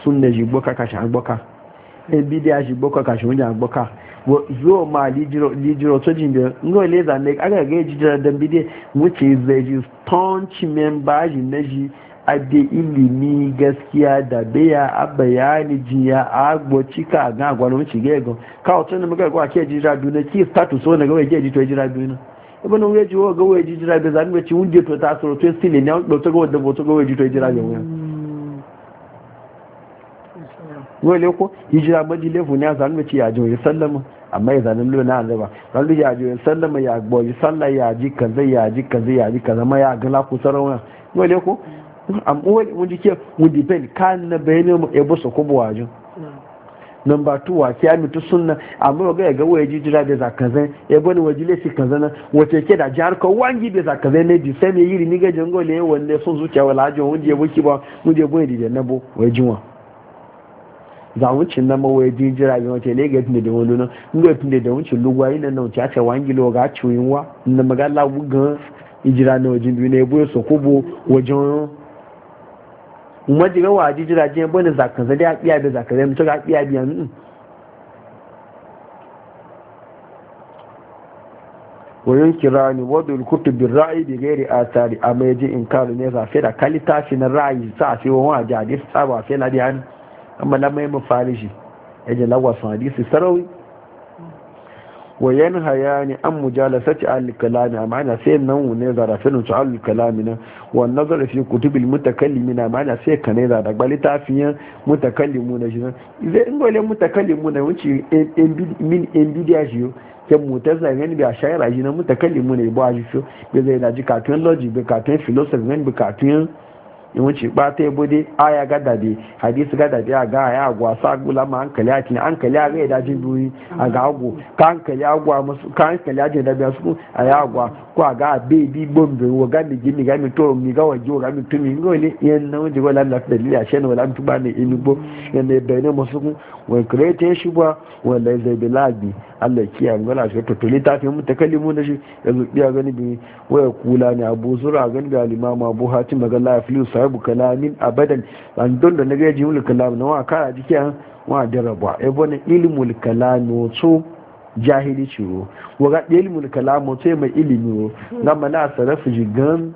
sun da jigboka kashi agboka ne bidiya jigboka kashi wani agboka zo ma lijiro to jimbe ngo le za ne aga ga ji jira dan bidiye wuce zai ji staunch member ji na ji ade ilimi gaskiya da beya a bayani jiya a agbo cika a gan agwa lomici ga ka otu ne muka kwa ke jira duna ki status wona ga we ji to jira duna ibn we ji wo ga we ji jira be zan we wunje to ta so to sile ne do to go da bo to go we jito jira ga we hmm. wole ko hijira maji lefu ne zan we ya jo sallama amma ya zanen luna na ba ran ya ji sallama ya gbo ya sallah ya ji kaza amma wani wani ke wani ben kan na bayani mu ebo so ko buwaju number 2 wa ke amitu sunna amma ga ga waye jijira da zakazan ebo ni wajile si kazana wace ke da jar ko wangi da zakazan ne di sai me yiri ni ga jango le wanda sun zuciya wala ajo wanda ebo ki ba wanda ebo ni da nabo waye wa. za wucin na mawaye jijira yi wace ne ga tun da wani nan in ga tun da wucin lugwa yi nan nan ta ce wangi lo ga ciwin wa na magala wugan ijira na wajen biyu ne ebo so ko wajen kuma jiga wa ji jiragen bane zakansa da ya biya da zakansa mutu ga biya biya nun wurin kirani wadul kutubin ra'ayi bi gairi asari a mai ji inkaru ne zafe da kalita shi na ra'ayi sa fi wa wani hadis saba fi na biya amma na mai mafari shi ya ji e lagwasan hadisi sarawi wa hayani an mujalasati al kalami amma ana sai nan ne zarafin su al kalami na wa nazar fi kutubil mutakallimi na ana sai kane da da gbali tafiyan mutakallimu na shi zai in gole mutakallimu na wuce min embidiya shi ke mutazza ne bi ashaira shi na mutakallimu ne ba shi so be zai da ji katun logic bi katun philosophy ngani katun in wuce ya bude aya gada bi hadisi gada bi a ga ya agwa sa gula ma hankali a kini hankali a gai dajin duri a ga agwo ka hankali agwa musu ka hankali a jina biya su a ya agwa ko a ga abe bi gbombe wa ga mi gini ga mi to mi ga waje wa ga mi tumi yan na wuce shi ne yan musu kun wa shi ba zai bi Allah kiya gana shi to to littafin mutakallimu na shi yanzu biya gani bi waya kula ne abu zura gani da limama abu hatim daga la sahibu kalamin abadan an don da na gaji mul kalam na wa kara jikiya wa daraba e bone ilmul kalamu to jahili ciro wa ga ilmul kalamu to mai ilimi na mana sarafu jigan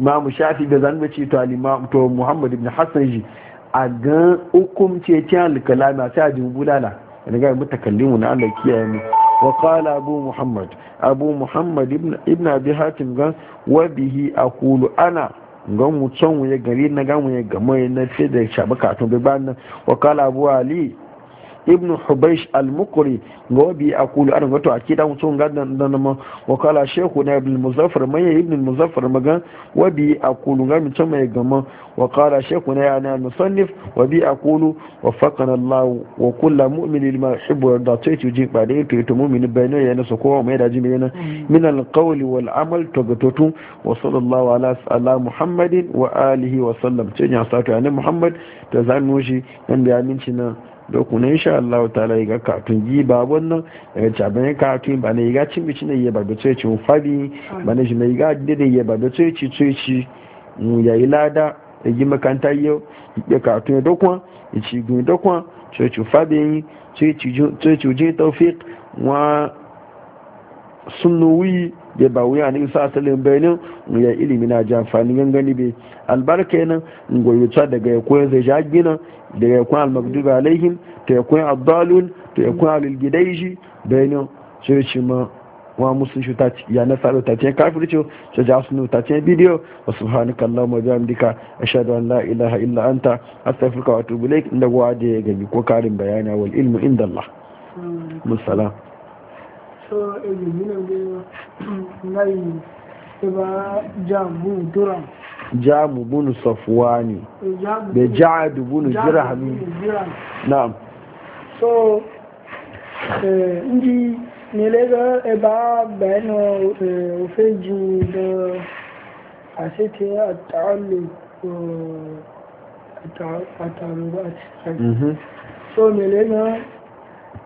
imamu shafi da zan bace to al to muhammad ibn hasan ji a ga hukumce ta al-kalama sai a bulala da ga mutakallimu na Allah kiyaye mu wa abu muhammad abu muhammad ibn ibn abi hatim ga wa bihi aqulu ana ga mu can ya gari na ga mu ya gama na ce da shabaka to bi ban abu ali ibn hubaish al-mukri ga wabi a kulu an wato a kidan mutum gadan da nama wakala shehu na ibn muzaffar mai ibn muzaffar magan wabi a kulu ga mutum mai gama wakala shehu na yana musannif wabi a kulu wa faqana allah wa kullu mu'minin lima yuhibbu da ta ci jin ba da yake to mu'mini bayna yana so kowa mai daji mai yana mm. min al wal amal ga wa sallallahu ala muhammadin wa alihi wa sallam ce ya ta muhammad zanushi da aminci na dokuna insha Allah ta'ala la ga katun yi ba wannan daga caban ka katun ba na ga cin bicin na yi ba da tsoci mu fabi ba na shi na yi ga dide yi ba da tsoci ci mu mm, ya yi lada da yi makanta yau ya katun ya dokwan ya ci gun fadi tsoci ci yi ci ji tawfiq wa sunnuwi da ba wuya ne isa asalin bayanin ya ilimi na ji amfani gangani bai albarka yana goyuta daga ya da jagina daga ya koyar ba alaihim ta ya koyar abdalun ta ya koyar alilgidaiji bayanin ma wa musu shi ya na salo ta ce kafirci ta ja sunu ta ce bidiyo wa subhanaka allahumma wa bihamdika ashhadu an la ilaha illa anta astaghfiruka wa atubu inda wa da ya gani ko karin bayani wal ilmu inda allah musallam so elimine wewa ngayi eba jamu duram jamu bunu safwani da ja'ad bunu jirhami na'am so eh, ndi nilega eba beno eh, ofeju da asete at-ta'alluq eh, at mhm. so nilega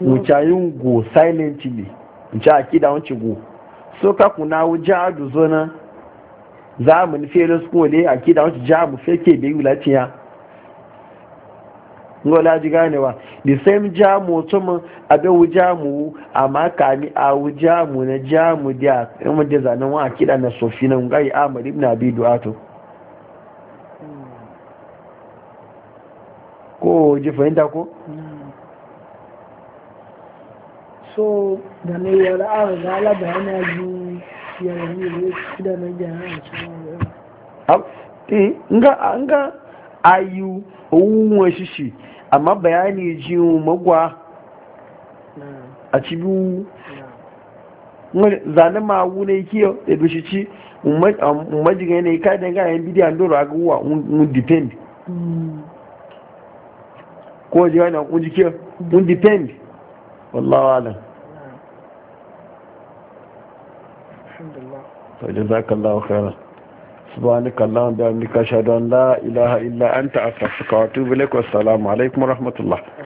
wucayin go silently wuce a kida wuce go so ka kuna wuce a duzo na za mu nufe da su kone a kida wuce ja mu ke da yi ya ngola ji ganewa the same jamu a abe wu jamu amma kami a wu jamu na jamu dia in mu da zanen wa a kida na sofi na ngai amr ibn abi duato ko ji fahimta ko mm. so da na yi wani ga alaba yana yi yawon yi da na gyara a cikin nga nga ayu owuwa shishi amma bayani ji magwa a cibi zane ma wune kiyo da ka danga yan bidiyan doro a guwa un depend hmm. ko jiwa depend alam Saule za kalla abokina waɗanda kallan zanbari kashar don da a ilaha illa an ta'a ta saka wa turbe ne ko salama alaikumalaikum wa